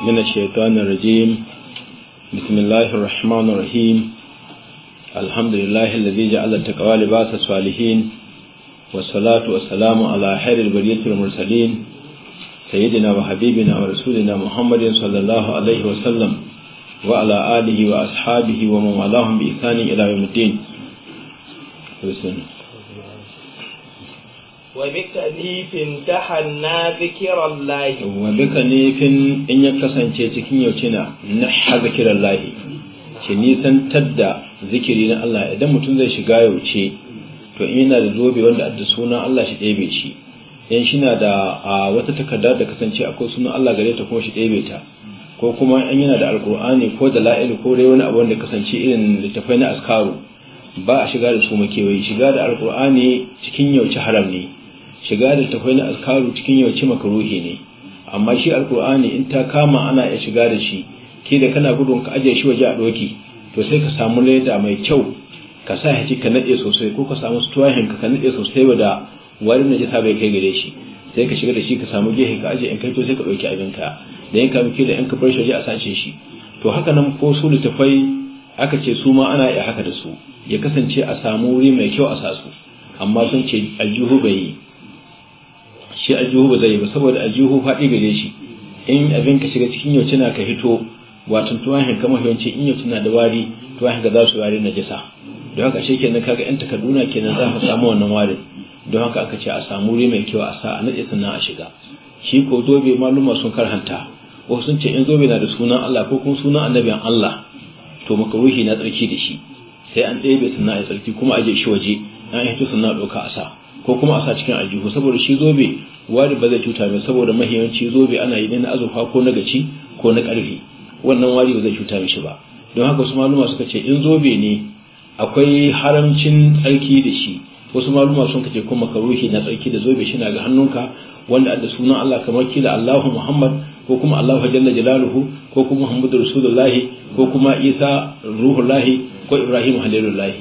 من الشيطان الرجيم بسم الله الرحمن الرحيم الحمد لله الذي جعل التقوى لباس الصالحين والصلاة والسلام على خير البرية المرسلين سيدنا وحبيبنا ورسولنا محمد صلى الله عليه وسلم وعلى آله وأصحابه ومن والاهم بإحسان إلى يوم الدين بسم الله wabika nifin ta hanna zikiran lahi wabika nifin ya kasance cikin yaucina na ha zikiran lahi ce nisantar da zikiri na Allah idan mutum zai shiga yauce to in yana da zobe wanda adda suna Allah shi ɗebe shi in shi na da wata takarda da kasance akwai sunan Allah gare ta kuma shi ɗebe ta ko kuma in yana da alkur'ani ko da la'il ko dai wani abu wanda kasance irin littafai na askaru ba a shiga da su makewayi shiga da alkur'ani cikin yauce haram ne shiga da tafai na azkaru cikin yawanci makaruhi ne amma shi alkur'ani in ta kama ana iya shiga da shi ke da kana gudun ka ajiye shi waje a doki to sai ka samu leda mai kyau ka sa haji ka nade sosai ko ka samu tuwahin ka nade sosai wada wani na ta bai kai gare shi sai ka shiga da shi ka samu gehe ka ajiye in kai to sai ka ɗauki abin ka da yanka muke da yan bar shi waje a sace shi to haka nan ko su tafai aka ce su ma ana iya haka da su ya kasance a samu wuri mai kyau a sasu amma sun ce aljihu bai yi shi ajihu ba zai ba saboda ajihu faɗi gare shi in abin ka shiga cikin yau tana ka hito wato hin kama yawanci in yau tana da wari tuwahin ka za su wari na jisa don haka shi kenan kaga yan takarduna kenan za ka samu wannan warin don haka aka ce a samu wuri mai kyau a sa a naɗe sannan a shiga shi ko zobe maluma sun karhanta ko sun ce in zobe na da sunan Allah ko kuma sunan annabiyan Allah to makaruhi na tsarki da shi sai an ɗebe sannan a tsarki kuma a je shi waje an hito sannan a ɗauka a sa ko kuma a sa cikin aljihu saboda shi zobe wari ba zai cuta mai saboda mahimmanci zobe ana yi ne na azurfa ko na gaci ko na karfe wannan wari ba zai cuta shi ba don haka wasu maluma suka ce in zobe ne akwai haramcin tsarki da shi wasu maluma sun kace kuma ruhi na tsarki da zobe shi na ga hannunka wanda da sunan Allah kamar kila Allahu Muhammad ko kuma Allahu jalla jalaluhu ko kuma Muhammadu rasulullahi ko kuma Isa ruhullahi ko Ibrahim halilullahi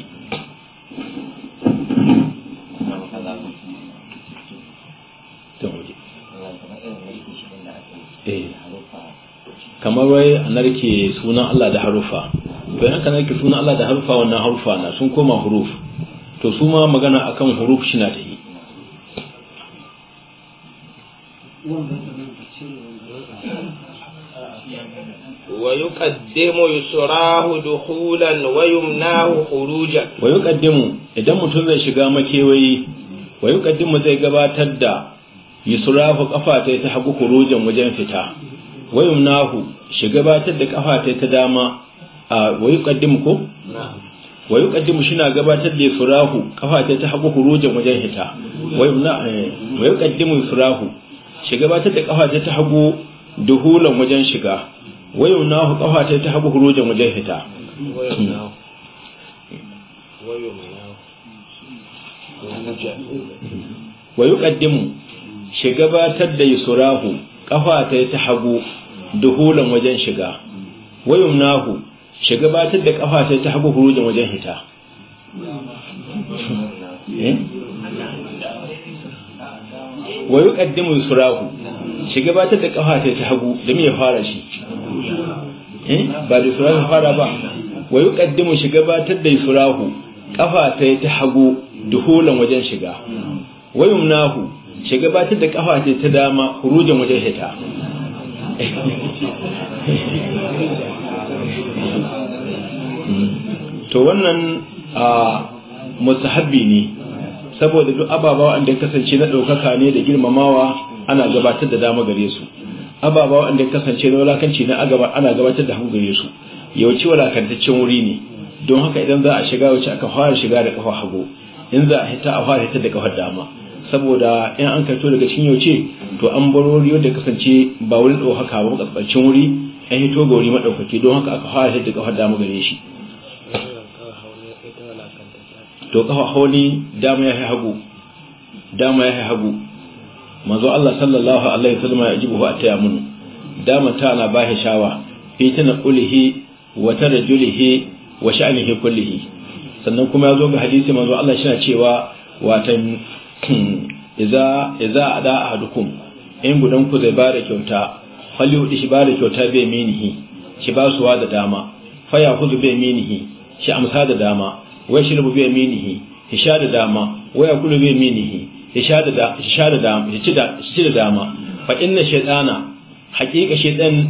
Eh. kamar wai a narke sunan Allah da harufa to yan ka narke sunan Allah da harufa wannan harufa na sun koma huruf to su ma magana akan huruf shi na da yi ويقدم يسراه دخولا ويمناه خروجا ويقدم idan mutum zai shiga makewayi ويقدم zai gabatar da yusrafu kafa ta hagu kurujan wajen fita wa yumnahu shiga gabatar da kafa ta dama a wa yuqaddimu ko wa yuqaddimu shi na gabatar da yusrafu kafa ta hagu kurujan wajen fita wa yumna eh, wa yuqaddimu yusrafu shi gabatar da kafa ta hagu duhulan wajen shiga wa yumnahu kafa ta hagu kurujan wajen fita wa yuqaddimu shi gabatar da yusurahu kafa ta ta hagu duhulan wajen shiga wayumnahu shi gabatar da kafa ta ta hagu hurujin wajen hita eh? wa yuqaddimu yusrahu shi gabatar da kafa ta ta hagu da me ya fara shi eh? ba da yusurahu fara ba wa yuqaddimu shi gabatar da yusurahu kafa ta ta hagu duhulan wajen shiga wayumnahu shi gabatar da kafa ce ta dama hurujin waje hita to wannan a musahabbi ne saboda duk ababa wanda kasance na ɗaukaka ne da girmamawa ana gabatar da dama gare su ababa wanda kasance na wulakanci na agaba ana gabatar da hagu gare su yawanci wulakantaccen wuri ne don haka idan za a shiga wuce aka fara shiga da kafa hagu in za a hita a fara hita da kafa dama saboda in an karto daga cikin yauce to an baro riyo da kasance ba wurin ɗaukaka ba makasbancin wuri an hito ga wuri maɗaukaki don haka aka fara shi da kafar damu gare shi to kafa hauni dama ya hagu dama ya hagu manzo Allah sallallahu alaihi wasallam ya jibu a taya mun dama ta na shi shawa tana qulihi wa tarjulihi wa sha'nihi kullihi sannan kuma ya zo ga hadisi manzo Allah shi cewa watan iza iza ada ahadukum in gudan ku zai da kyauta falyudi shi da kyauta bai minihi shi suwa da dama faya hudu bai minihi shi amsa da dama wai shi rubu bai minihi shi sha da dama waya kulu bai minihi shi sha da sha da dama shi ci da dama fa inna shaytana haqiqa shaytan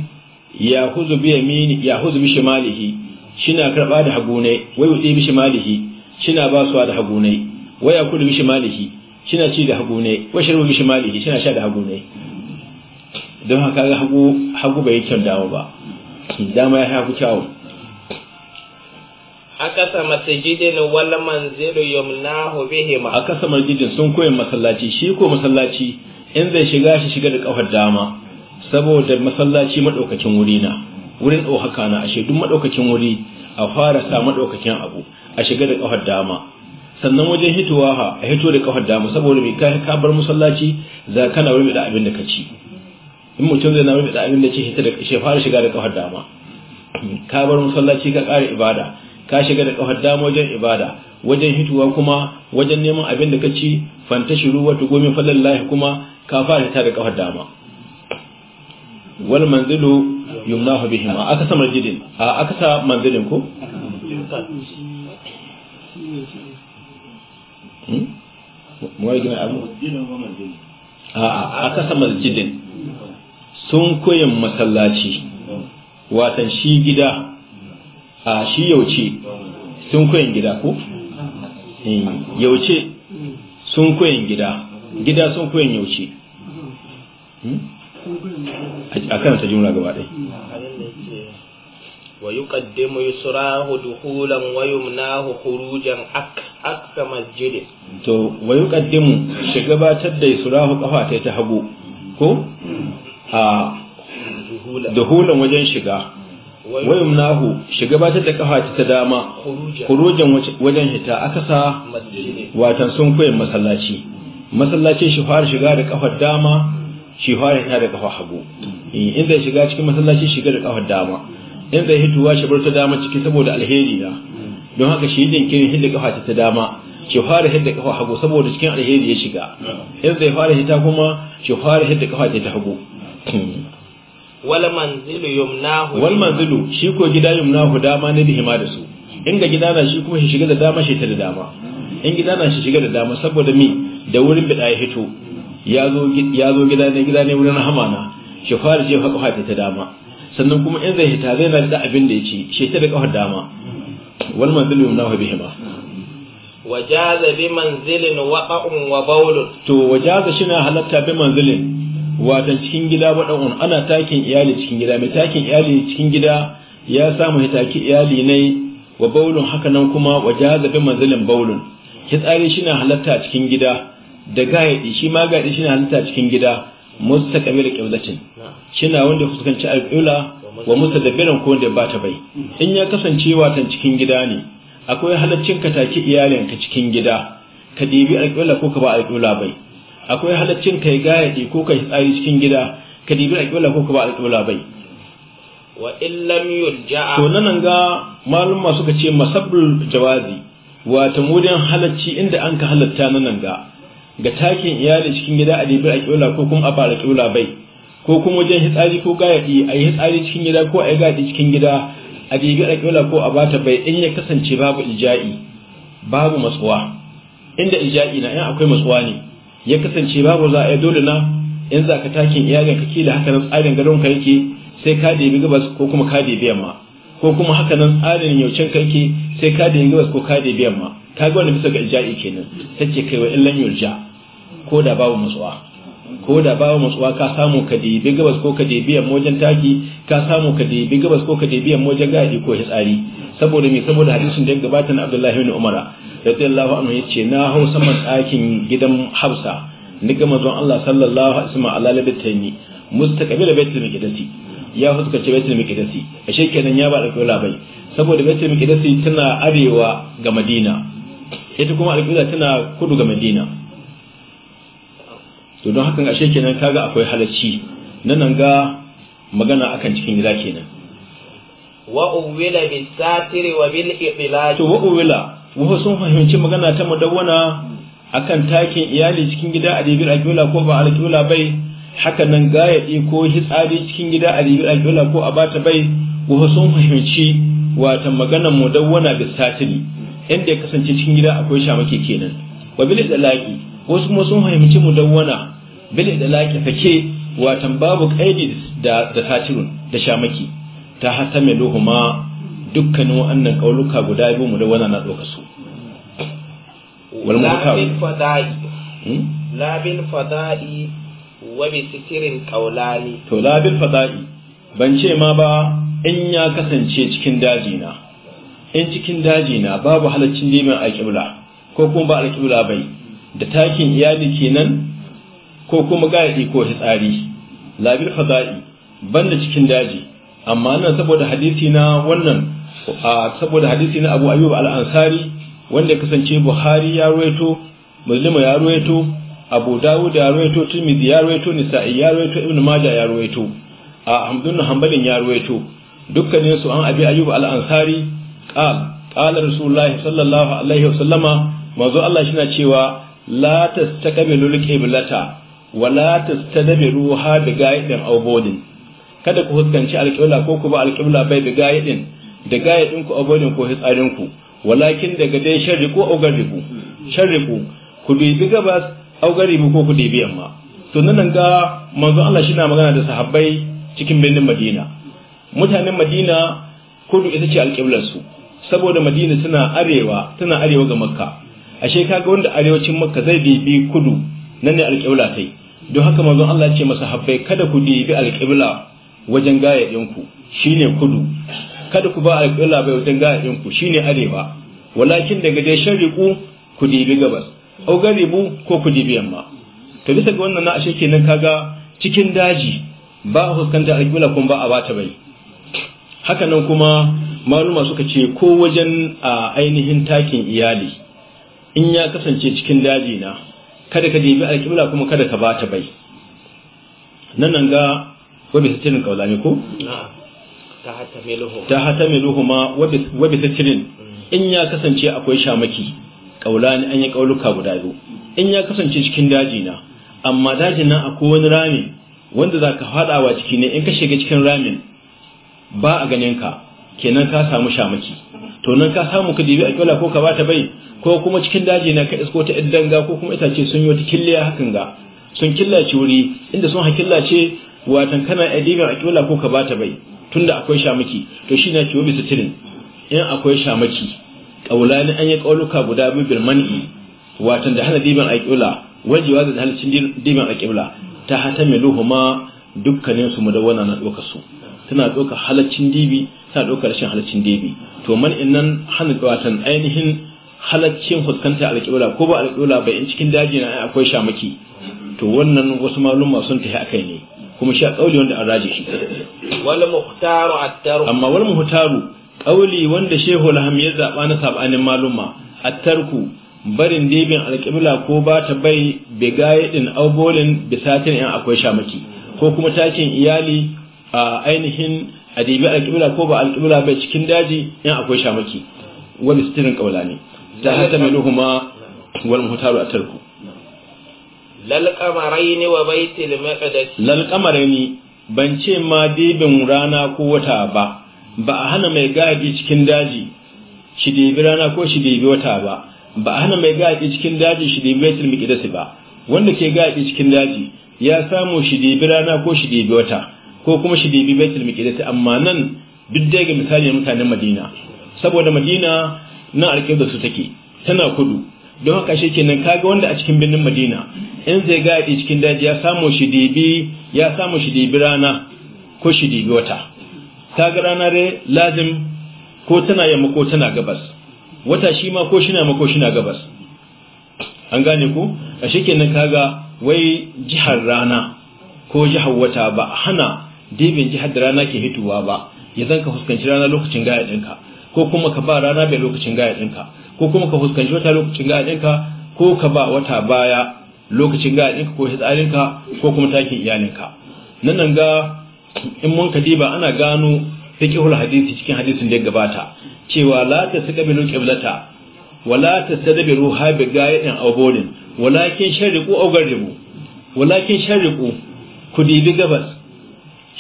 ya huzu bi yamini ya huzu bi shimalihi shina karba da hagunai wai wuce bi shimalihi shina basuwa da hagunai waya kulu bi shimalihi shina ci da hagu ne wa shirbu shimali shina sha da hagu ne don haka ga hagu hagu bai kyau dawo ba dama ya hagu kyawu akasa masjidin wal manzilu yumnahu aka akasa sun koyi masallaci shi ko masallaci in zai shiga shi shiga da kafar dama saboda masallaci madaukakin wuri na wurin ɗaukaka na ashe duk madaukakin wuri a fara sa madaukakin abu a shiga da kafar dama sannan wajen hitowa ha a hito da kafar dama saboda mai kai ka bar musallaci za ka wani da abin da ka ci in mutum zai na wani da abin da ce hita da shi fara shiga da kafar dama ka bar musallaci ka ƙara ibada ka shiga da kafar dama wajen ibada wajen hitowa kuma wajen neman abin da ka ci fanta shiru wata gomin lahi kuma ka fara hita da kafar dama wal manzilu yumnahu bihima aka samar manzilin a aka sa manzilin ko muwajjin hmm? abu a kasa masjidin sun koyan masallaci watan shi gida a shi yauce sun koyin gida ko hmm, yauce sun koyin gida gida sun koyin yauce hmm? a kan ta jumla gaba ɗai wa yuqaddimu yusrahu duhulan na hukuru jan aka. aksa masjidin to wa yuqaddimu shi gabatar da surahu kafa ta ta hagu ko a duhulan wajen shiga wa yumnahu shi gabatar da kafa ta dama khurujan wajen hita akasa watan sun koyi masallaci masallaci shi fara shiga da kafa dama shi fara hita da kafa hagu eh, in zai shiga cikin masallaci shiga da kafa dama in zai hituwa shi bar ta dama ciki saboda alheri na don haka shi kirin hidda kafa ta dama ki fara hidda kafa hagu saboda cikin alheri ya shiga in zai fara hita kuma ki fara hidda kafa ta hagu wal manzilu yumnahu wal manzilu shi ko gida yumnahu dama ne da hima da su in ga gida na shi kuma shi shiga da dama shi ta da dama in gida na shi shiga da dama saboda mi da wurin bida ya hito ya zo gida ne gida ne wurin hamana shi fara je kafa ta dama sannan kuma in zai hita zai na da abin da ya ci shi ta da kafa dama wal manzilu yumnahu bihima wajaza bi manzilin waqa'un wa Baulun. to wajaza shi na halatta bi manzilin watan cikin gida wada'un ana takin iyali cikin gida mai takin iyali cikin gida ya samu hitaki iyali ne wa Baulun haka nan kuma wajaza bi manzilin Baulun. Kitsari shi na halatta cikin gida da gaidi shi ma gaidi shi na halatta cikin gida mustaqbil qiblatin shi na wanda fuskanci alqibla wa mutadabbiran ko da ba ta bai in ya kasance watan cikin gida ne akwai halaccin ka taki iyalinka cikin gida ka dibi alƙibla ko ka ba alƙibla bai akwai halaccin ka yi gayadi ko ka yi tsari cikin gida ka dibi alƙibla ko ka ba alƙibla bai wa illam yurja to nan ga maluma suka ce masabul jawazi wata mudan halacci inda an ka halatta nan ga ga takin iyali cikin gida a dibi alƙibla ko kuma a ba alƙibla bai ko kuma wajen hitsari ko gayaɗi a yi hitsari cikin gida ko a yi gayaɗi cikin gida a ɗibi alƙibla ko a bata bai in ya kasance babu ija'i babu matsuwa inda ija'i na in akwai matsuwa ne ya kasance babu za a yi dole na in za ka takin iyalin ka da haka nan tsarin gadon ka yake sai ka ɗebi gabas ko kuma ka biyan yamma ko kuma haka nan tsarin yaucin ka yake sai ka ɗebi gabas ko ka biyan yamma ka ga wani bisa ga ija'i kenan ta ce kai wa illan yurja ko da babu matsuwa ko da bawa matsuwa ka samu ka debi gabas ko ka debi yan mojan taki ka samu ka debi gabas ko ka debi yan mojan gadi ko hitsari saboda me saboda hadisin da ya gabata na Abdullahi ibn Umar radiyallahu anhu yace na hau saman ɗakin gidan Hafsa ni ga mazon Allah sallallahu alaihi wasallam ala labatani mustaqbil baitul miqdasi ya fuskace baitul miqdasi ashe nan ya ba da kula bai saboda baitul miqdasi tana arewa ga Madina ita kuma alƙibla tana kudu ga Madina to don hakan ashe kenan kaga akwai halacci nan ga magana akan cikin gida kenan wa uwila bil satir wa bil iqlal to wa uwila wasu sun fahimci magana ta mudawwana akan takin iyali cikin gida a ribir alƙibla ko ba alƙibla bai haka nan gayaɗi ko hitsari cikin gida a ribir alƙibla ko a bata bai wasu sun fahimci wata maganar mudawwana bil satir inda ya kasance cikin gida akwai shamake kenan wa bil iqlaqi wasu kuma sun fahimci mudawwana bil idlaqi fake watan babu qaidi da da satirun da shamaki ta hasamiluhuma dukkanin wannan kauluka guda biyu mudawwana na doka su wal mutawi labil hmm? fada'i wa bi sitirin qaulani to labin fada'i ban ce ma ba in ya kasance cikin daji na in cikin daji na babu halaccin neman alƙibla ko kuma ba alƙibla bai da takin iyali kenan ko kuma gayadi ko hitsari labil fada'i banda cikin daji amma nan saboda hadisi na wannan saboda hadisi na Abu Ayyub al-Ansari wanda kasance Buhari ya ruwaito Muslim ya ruwaito Abu Dawud ya ruwaito Tirmidhi ya ruwaito Nisa'i ya ruwaito Ibn Majah ya ruwaito Ahmad Hanbalin ya ruwaito dukkanin su an Abi Ayyub al-Ansari qal qala Rasulullahi sallallahu alaihi wasallama manzo Allah shi na cewa لا تستكمل al ولا wa la tastadbiruha bi ga'idin kada ku huskanci alƙibla ko ku ba alƙibla bai bi ga'idin da ga'idin ku abodin ko hitsarin ku walakin daga dai ko aw Ku sharri ku dubi gabas aw mu ko ku dubi yamma to nan ga manzo Allah shi na magana da sahabbai cikin birnin Madina mutanen Madina kudu ita ce alƙiblar su saboda Madina tana arewa tana arewa ga Makka ashe kaga wanda arewacin makka zai bibi kudu nan ne alƙibla kai don haka manzon Allah ce masa habbai kada ku bibi alƙibla wajen gayayyinku shine kudu kada ku ba alƙibla bai wajen gayayyinku shine arewa walakin daga dai shariku ku bibi gabas au garibu ko ku bibi yamma to bisa ga wannan na ashe kenan kaga cikin daji ba fuskantar fuskanta alƙibla kuma ba a bata bai hakanan kuma maluma suka ce ko wajen a ainihin takin iyali in ya kasance cikin daji na kada ka dibi alkibla kuma kada ka bata bai nan nan ga wabi sitirin kaulani ko ta hatamiluhu ma wabi sitirin mm. in ya kasance akwai shamaki kaulani an yi kauluka guda biyu in ya kasance cikin daji na amma dajin nan akwai wani rami wanda za ka fadawa ciki ne in ka shiga cikin ramin ba a ganin ka kenan ka samu shamaki to nan ka samu ka dibi kyola ko ka bata bai ko kuma cikin daji na ka isko ta danga ko kuma itace sun yi wata killiya hakan ga sun killace wuri inda sun ha killace watan kana a kyola ko ka bata bai tunda akwai shamaki to shi na kiwo bisa tirin in akwai shamaki ƙaulani an yi kauluka guda biyu bil man'i watan da hana diban alƙibla wajewa da halicin diban kyola ta hata miluhuma dukkanin su mu da wannan na ɗaukar su tana ɗauka halaccin dibi tana ɗauka rashin halaccin dibi to man innan hana watan ainihin halaccin fuskantar alƙibla ko ba alƙibla ba in cikin daji na akwai shamaki to wannan wasu malum masu tafi kai ne kuma shi a kauli wanda an raje shi wal muhtaru attaru amma wal muhtaru kauli wanda shehu laham ya zaba na sabanin maluma attarku barin dibin alƙibla ko ba ta bai bigayidin aubolin bisatin in akwai shamaki ko kuma takin iyali a ainihin a dibi alƙibla ko ba alƙibla bai cikin daji in akwai shamaki wani sitirin ƙaula ne ta hata mai luhuma wani hutaru a tarku lalƙamaraini wa ban ce ma dibin rana ko wata ba ba a hana mai gadi cikin daji shi dibi rana ko shi dibi wata ba ba a hana mai gadi cikin daji shi dibi baitul miqdis ba wanda ke gadi cikin daji ya samu shi dibi rana ko shi dibi wata ko kuma shi bibi baitul miqdis amma nan duk dai ga misali mutanen Madina saboda Madina nan da su take tana kudu don haka shi kenan kaga wanda a cikin birnin Madina in zai ga yaɗi cikin daji ya samu shi dibi ya samu shi dibi rana ko shi dibi wata kaga rana dai lazim ko tana yamma ko tana gabas wata shi ma ko shi na ko shi na gabas an gane ku a shi kaga wai jihar rana ko jihar wata ba hana dai bin ji da rana ke hituwa ba ya zan ka fuskanci rana lokacin gaya ɗinka ko kuma ka ba rana bai lokacin gaya ɗinka ko kuma ka fuskanci wata lokacin gaya ɗinka ko ka ba wata baya lokacin gaya ɗinka ko hitsarinka ko kuma takin iyalinka nan nan ga in mun ka diba ana gano fiqhul hadisi cikin hadisin da ya gabata cewa la ta saqabilu qiblata wala ta tadbiru ha bi gayatin awbolin walakin shariqu aw garibu walakin shariqu ku dibi gabas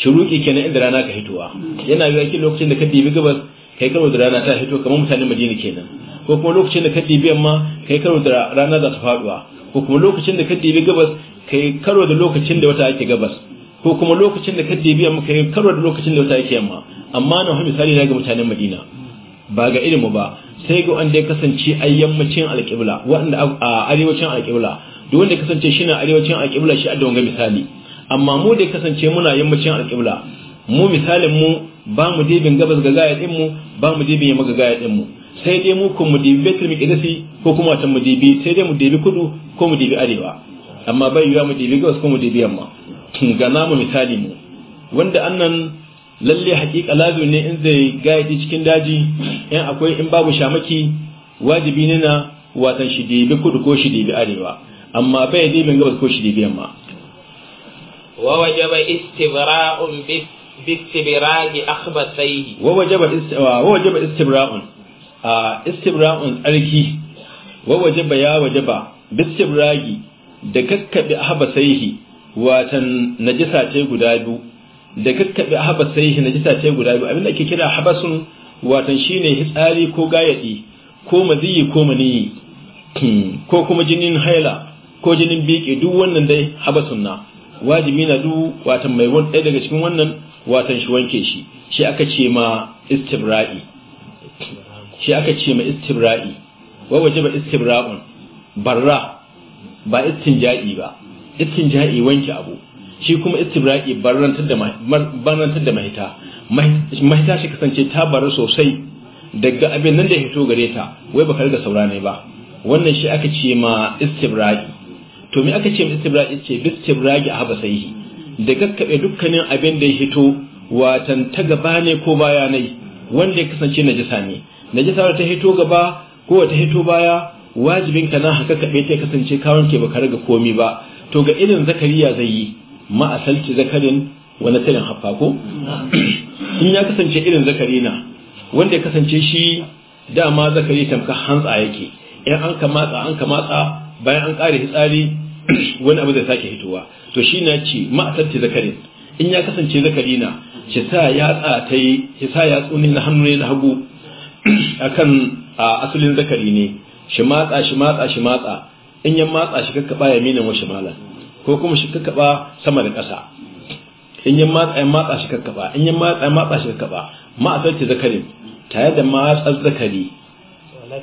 shuruki kenan inda rana ka hitowa yana yiwa ki lokacin da ka dibi gabas kai karo da rana ta hito kamar mutanen Madina kenan ko kuma lokacin da ka dibi yamma kai karo da rana za ta faduwa ko kuma lokacin da ka dibi gabas kai karo da lokacin da wata yake gabas ko kuma lokacin da ka dibi yamma kai karo da lokacin da wata yake yamma amma na wani misali ga mutanen Madina ba ga ilimu ba sai ga wanda ya kasance a yammacin alƙibla wanda a arewacin alƙibla duk wanda ya kasance shi na arewacin alƙibla shi a da wanga misali amma mu da kasance muna yammacin alƙibla mu misalin mu ba mu dibin gabas ga gaya din mu ba mu dibin yamma ga gaya mu sai dai mu kun mu dibi betul miqdisi ko kuma tan mu dibi sai dai mu dibi kudu ko mu dibi arewa amma bai yiwa mu dibi gabas ko mu dibi yamma ga namu misali mu wanda annan lalle haƙiƙa lazu ne in zai gayyadi cikin daji in akwai in babu shamaki wajibi ne na watan shi dibi kudu ko shi dibi arewa amma bai dibin gabas ko shi dibi yamma ووجب استبراء باستبراء أخبثيه ووجب ووجب استبراء استبراء أركي ووجب يا وجب باستبراء da kakkaɓe habasaihi watan najisa ce guda biyu da kakkaɓe habasaihi najisa ce guda biyu abinda ke kira habasun watan shine hitsari ko gayadi ko maziyi ko maniyi ko kuma jinin haila ko jinin biƙe duk wannan dai habasun na wajibi na du watan mai wani ɗaya daga cikin wannan watan shi wanke shi shi aka ce ma istibra'i shi aka ce ma istibra'i wai waje ba istibra'un barra ba istinja'i ba istinja'i wanke abu shi kuma istibra'i barrantar da mahita mahita shi kasance ta baru sosai daga abin nan da ya hito gare ta wai ba ka riga saura ne ba wannan shi aka ce ma istibra'i to me aka ce istibragi ce a habasaihi da gaskabe dukkanin abin da ya hito watan ta gaba ne ko baya ne wanda ya kasance najisa ne najisa ta hito gaba ko ta hito baya wajibin ka na haka kabe ta kasance ka wanke baka raga komi ba to ga irin zakariya zai yi ma asalci zakarin wani tilin haffa ko in ya kasance irin zakari na wanda ya kasance shi dama zakari tamka hantsa yake in an kamata an kamata bayan an kare hitsari wani abu zai sake hitowa to shi na ce ma'asarci zakarin in ya kasance zakari na ki sa yatsa ta yi ki sa yatsu ne na hannu ne na hagu akan asalin zakari ne shi matsa shi matsa shi matsa in ya matsa shi kakkaba minan wa shimalan ko kuma shi kakkaba sama da ƙasa in ya matsa ya matsa shi kakkaba in ya matsa ya matsa shi kakkaba ma'asarci zakarin tare da matsar zakari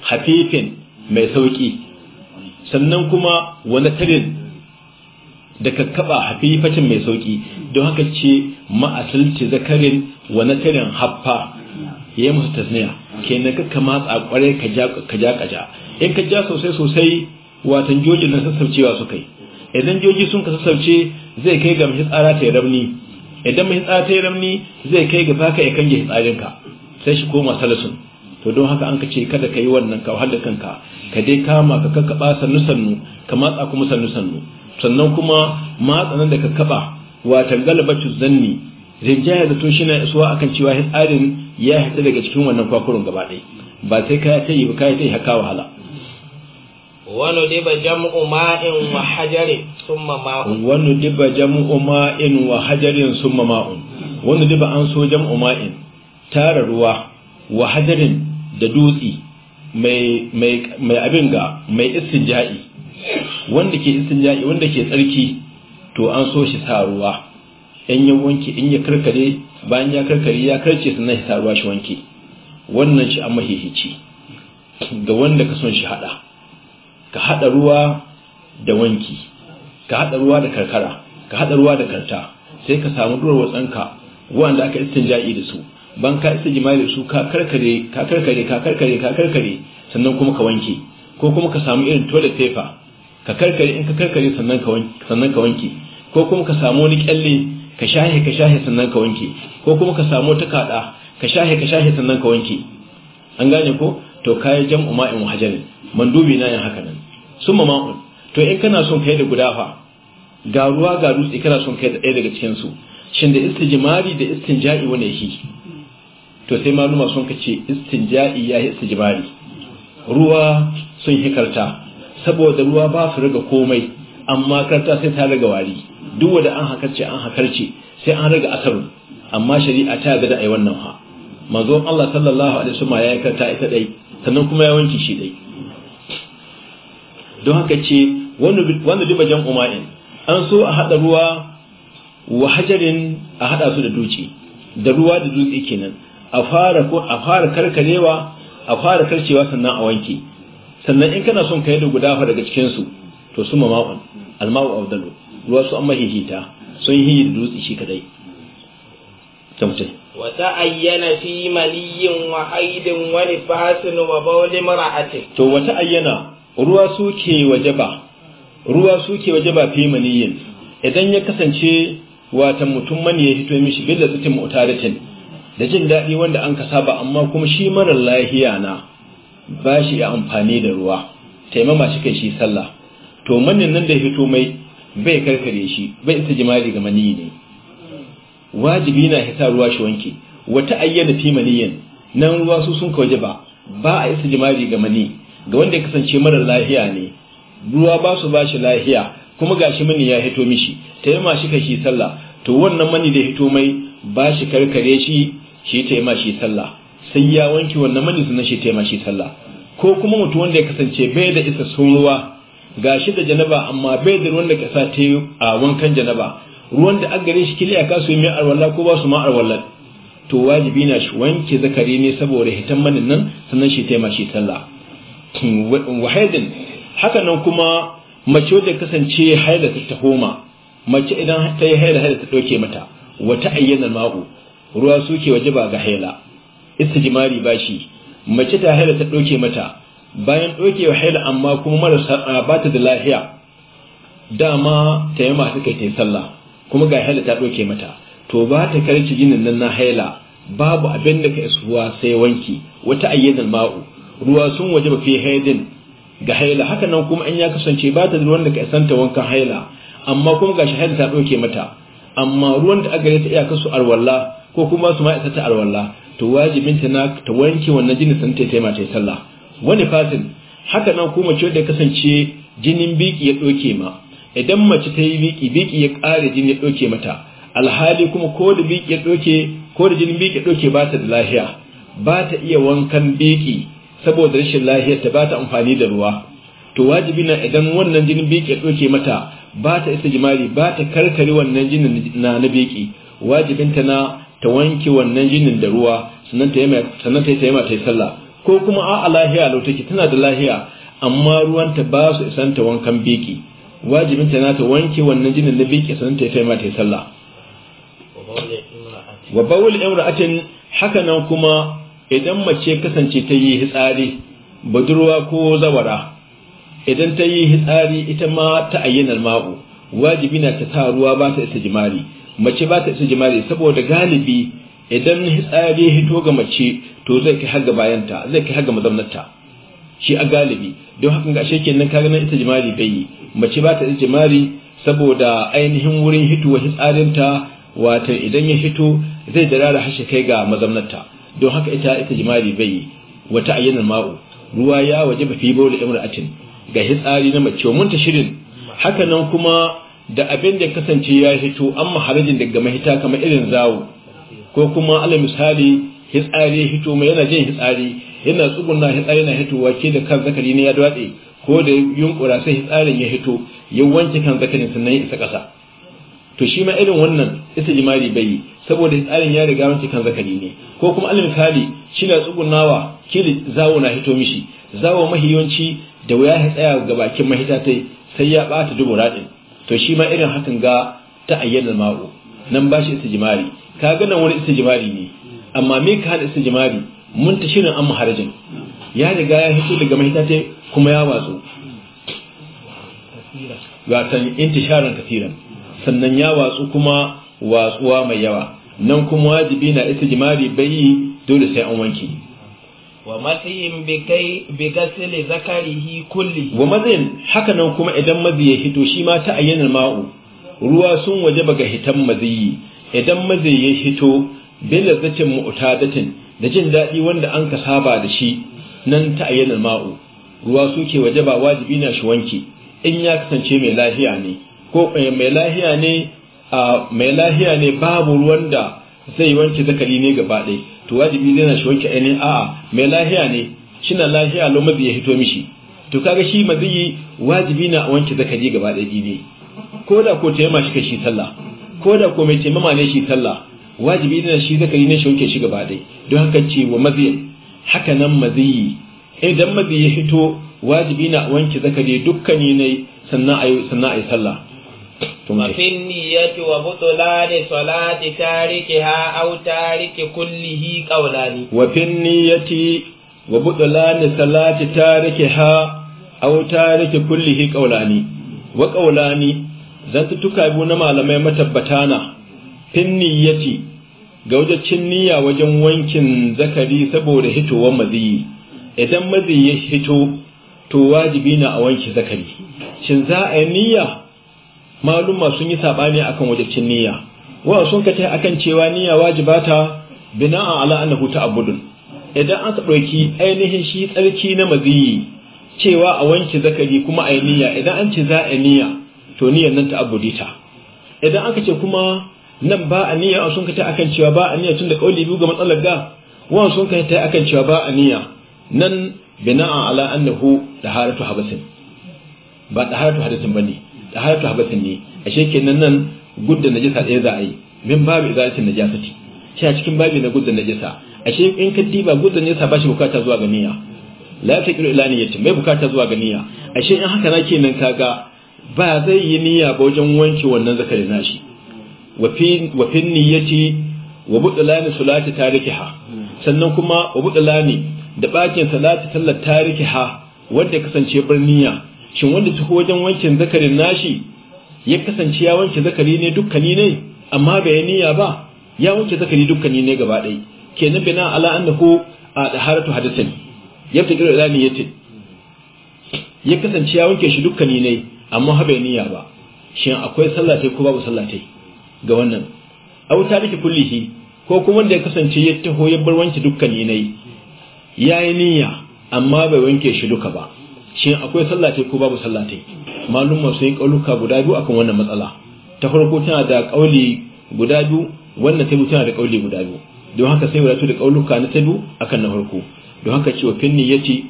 hafifin mai sauki sannan kuma wani tirin da kakkaba hafifacin mai sauki don haka ce ma'asalci zakarin wani tirin haffa ya musu tasniya kenan kakka matsa kwarai ka ja kaja in ka ja sosai sosai watan joji na sassaucewa su kai idan joji sun ka sassauce zai kai ga mahitsara ta yi ramni idan mahitsara ta yi ramni zai kai ga baka ya kange hitsarinka sai shi koma salasun to don haka an ka ce kada ka yi wannan ka wahalar kanka ka dai kama ka kakkaɓa sannu sannu ka matsa kuma sannu sannu sannan kuma nan da ka kaɓa watan galabacin zanni rinjaya da to shina isuwa akan cewa tsarin ya haɗu daga cikin wannan kwakurin gaba ɗaya ba sai ka ta yi ba ka ta yi haka wahala wano diba jam'u ma'in wa hajarin summa ma'un wani diba jam'u ma'in wa hajarin summa ma'un wani diba an so jam'u ma'in tara ruwa wa hajarin da dutsi mai abin ga mai istinja'i wanda ke istinja'i wanda ke tsarki to an so shi sa ruwa in ya wanke in ya karkare bayan ya karkare ya karce sannan shi sa ruwa shi wanke wannan shi an mahihici ga wanda ka son shi hada ka hada ruwa da wanki ka hada ruwa da karkara ka hada ruwa da karta sai ka samu duwar watsanka wanda aka istinja'i da su ban ka isa jimali su ka karkare ka karkare ka karkare ka karkare sannan kuma ka wanke ko kuma ka samu irin toilet paper ka karkare in ka karkare sannan ka wanke sannan ka wanke ko kuma ka samu wani kyalle ka shahe ka shahe sannan ka wanke ko kuma ka samu ta kada ka shahe ka shahe sannan ka wanke an gane ko to kayi jam'u ma'in wahajal mandubi na yin haka nan summa ma'un to in kana son kai da guda fa ga ruwa ga dutse kana son kai da ɗaya daga cikin su shin da istijmari da istinja'i wani yake to sai maluma sun kace istinja'i ya yi istijmari ruwa sun hikarta saboda ruwa ba su riga komai amma karta sai ta riga wari duk wanda an hakarce an hakarce sai an riga asaru amma shari'a ta ga da ai wannan ha manzo Allah sallallahu alaihi wasallam ya karta ita dai sannan kuma ya wanci shi dai don haka ce wanda duba jan uma'in an so a haɗa ruwa wa hajarin a haɗa su da dutse da ruwa da dutse kenan a fara ko a fara karkarewa a fara karcewa sannan a wanke sannan in kana son ka yi da guda daga cikin su to su ma ma'un alma'u abdalu ruwa su amma hihita sun yi da dutse shi kadai Wata wa ta'ayyana fi maliyin wa haidin wa nifasin wa bawli mar'atin to wa ayyana ruwa su waje wajaba ruwa su waje wajaba fi maliyin idan ya kasance watan mutum mani ya fito mishi billa sitin mu'taratin da jin daɗi wanda an ka saba amma kuma shi marar lahiya na ba shi amfani da ruwa taimama shi kai shi sallah to manin nan da ya fito mai bai karkare shi bai isa jima'i ga maniyi ne wajibi na hisa ruwa shi wanke wata ayyana fi maniyin nan ruwa su sun kawaje ba ba a isa jima'i ga mani ga wanda ya kasance marar lahiya ne ruwa ba su ba shi lahiya kuma gashi mani ya hito mishi taimama shi kai shi sallah to wannan mani da ya hito mai ba shi karkare shi shi ta ma shi sallah sai ya wanke wannan mani sannan shi ta ma shi sallah ko kuma mutu wanda ya kasance bai da isa sun ruwa ga shi da janaba amma bai da ruwan da kasa ta yi a wankan janaba ruwan da an gare shi kila ya su yi mai arwalla ko ba su ma arwallar to wajibi na shi wanke zakari ne saboda hitan manin nan sannan shi ta ma shi sallah wahidin haka nan kuma mace ya kasance haila ta tahoma mace idan ta yi haila haila ta ɗauke mata wata ayyana ma'u ruwa suke waje ba ga haila istijmari bashi mace ta haila ta ɗauke mata bayan wa haila amma kuma marasa ba ta da lahiya dama ta yi masu kai ta sallah kuma ga haila ta ɗauke mata to ba ta karci jinin nan na haila babu abin da ka isuwa sai wanki wata ayyadan ma'u ruwa sun waje ba fi haidin ga haila haka nan kuma in ya kasance ba ta da ruwan da ka isanta wankan haila amma kuma ga shi haila ta ɗauke mata amma ruwan da aka ta iyaka su arwalla ko kuma su ma isa ta alwala to wajibin ta na ta wanke wannan jinin san ta taima ta sallah wani fatin haka nan kuma ce da kasance jinin biki ya doke ma idan mace ta yi biki biki ya kare jini ya doke mata alhali kuma ko da biki ya doke ko da jinin biki ya doke ba ta da lahiya ba ta iya wankan biki saboda rashin lahiyar ta ba ta amfani da ruwa to wajibi na idan wannan jinin biki ya doke mata ba ta isa jimali ba ta karkare wannan jinin na na biki wajibinta na ta wanke wannan jinin da ruwa sannan ta yi ta yi sallah ko kuma a'a lahiya lautaki tana da lahiya amma ruwanta ba su isan ta wankan biki wajibin ta na ta wanke wannan jinin na biki sannan ta yi taimaka ta yi sallah wa bawul imra'atin haka nan kuma idan mace kasance ta yi hitsari budurwa ko zawara idan ta yi hitsari ita ma ta ayyana ma'u wajibi na ta sa ruwa ba ta isa jimari mace ba ta cin jimari saboda galibi idan hitsari ya hito ga mace to zai kai har ga bayanta zai kai har ga mazaunarta shi a galibi don hakan ga ashe kenan kaga nan ita jimari bai yi mace ba ta cin jimari saboda ainihin wurin hitowa hitsarinta wato idan ya hito zai darara hashe kai ga mazaunarta don haka ita ita jimari bai yi wata ayyana ma'u ruwa ya waje ba fi da imra'atin ga hitsari na mace mun ta shirin haka nan kuma da abin da kasance ya hito an maharajin daga mahita kamar irin zawo ko kuma ala misali hitsari hito mai yana jin hitsari yana tsuguna hitsari na hito wake da kan zakari ne ya dwatse ko da yunkura sai hitsarin ya hito ya wanke kan zakarin sannan ya isa ƙasa to shi ma irin wannan isa jimari bai saboda hitsarin ya riga wanke kan zakari ne ko kuma ala misali shi na tsugunawa kili zawo na hito mishi zawo mahiyonci da wuya ya tsaya ga bakin mahita sai ya bata dubura raɗin. to shi ma irin hakan ga ta ayyana ma'u nan ba shi jimari ka ga nan wani jimari ne amma me ka hada jimari mun ta shirin an harajin ya riga ya hito daga mahita ta kuma ya watsu watan intisharin kafiran sannan ya watsu kuma watsuwa mai yawa nan kuma wajibi na jimari bai dole sai an wanki wa matsayin bigasile zakarihi kulle? wa matsayin haka nan kuma idan maziya hito shi ma ta ayyanar ma'u ruwa sun waje baga hitan maziyi idan mazi hito bila zacin datin da jin daɗi wanda an ka saba da shi nan ta ayyanar ma'u ruwa suke waje ba wajibi na shi wanki in ya kasance mai lahiya ne ko eh, ah, mai lahiya ne babu ruwan da zai wanke zakari ne gaba ɗaya to wajibi zai na shi wanke ainihin a'a mai lahiya ne Shi na lahiya lo mazi ya hito mishi to kaga shi mazi wajibi na wanke zakari gaba ɗaya ne ko da ko taimama shi ka shi sallah ko da ko mai taimama ne shi sallah wajibi na shi zakari ne shi wanke shi gaba ɗaya don haka ce wa mazi haka nan mazi idan mazi ya hito wajibi na wanke zakari dukkani ne sannan a yi sallah وفي النية وبطلان صلاة تاركها أو تارك كله قولان وفي النية وبطلان صلاة تاركها أو تارك كله قولان وقولان zantattuka biyu na malamai matabbata na finniyyati ga wajen niyya wajen wankin zakari saboda hitowar maziyi idan maziyi ya hito to wajibi na a wanki zakari shin za a yi niyya malumma sun yi sabani akan wajibcin niyya wa sun kace akan cewa niyya wajibata bina'a ala annahu abudun. idan aka dauki ainihin shi tsarki na maziyi cewa a wanke zakari kuma a niyya idan an ce za a niyya to niyyar nan ta. idan aka ce kuma nan ba a niyya sun kace akan cewa ba a niyya tun da kauli biyu ga matsalar ga wa sun kace akan cewa ba a niyya nan bina'a ala annahu taharatu habasin ba taharatu hadisin bane Da taharatu habatin ne ashe kenan nan gudda najasa ɗaya za a yi min babu izalatin najasati shi a cikin babu na gudda najasa ashe in ka diba gudda najasa ba shi bukata zuwa ga niyya la taqilu ila niyyatin mai bukata zuwa ga niyya ashe in haka na kenan kaga ba zai yi niyya ba wajen wanke wannan zakarin nashi wa fi wa fi niyyati wa budlani salati tarikiha sannan kuma wa budlani da bakin salati tallar tarikiha wanda kasance birniya shin wanda tafi wajen wankin zakarin nashi ya kasance ya wanke zakari ne dukkani ne amma bai niyya ba ya wanke zakari dukkani ne gaba ɗaya kenan bina ala annahu a daharatu hadathin ya fi kira ilani yace ya kasance ya wanke shi dukkani ne amma ha bai niyya ba shin akwai sai ko babu sai ga wannan abu tariki kullihi ko kuma wanda ya kasance ya taho ya bar wanke dukkani ne yayi niyya amma bai wanke shi duka ba shi akwai sallatai ko babu sallatai malumma sun yi kauluka guda biyu akan wannan matsala ta farko tana da kauli guda biyu wannan ta tana da kauli guda biyu don haka sai wadatu da kauluka na ta akan na farko don haka cewa finni yace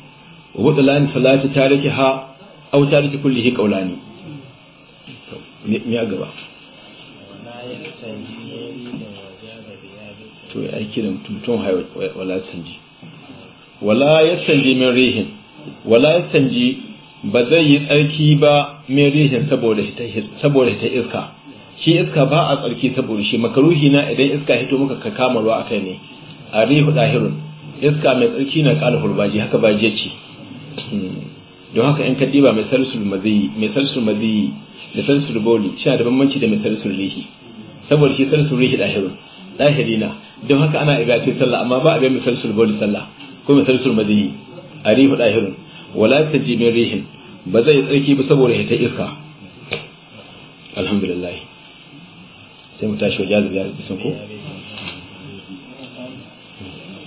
wa butlan salati tariki ha aw tariki kullihi qaulani me gaba to ya kiran tuntun hayo wala sanji wala yasanji min rihin wala yastanji ba zai yi tsarki ba mai rihin saboda hita iska shi iska ba a tsarki saboda shi makaruhi na idan iska hito muka ka kama ruwa akai ne a rihu dahirun iska mai tsarki na kala hurbaji haka ba je ce hmm. don haka in ka diba mai salisul maziyi mai da salisul boli shi da bambanci da mai salisul rihi saboda shi salisul rihi dahirun dahirina don haka ana ibati sallah amma ba a bai mai salisul boli sallah ko mai salisul maziyi arihu ɗahirin wala ta jimin rihin ba zai tsarki ba saboda ya ta iska alhamdulillah sai mu tashi wajen da ya ko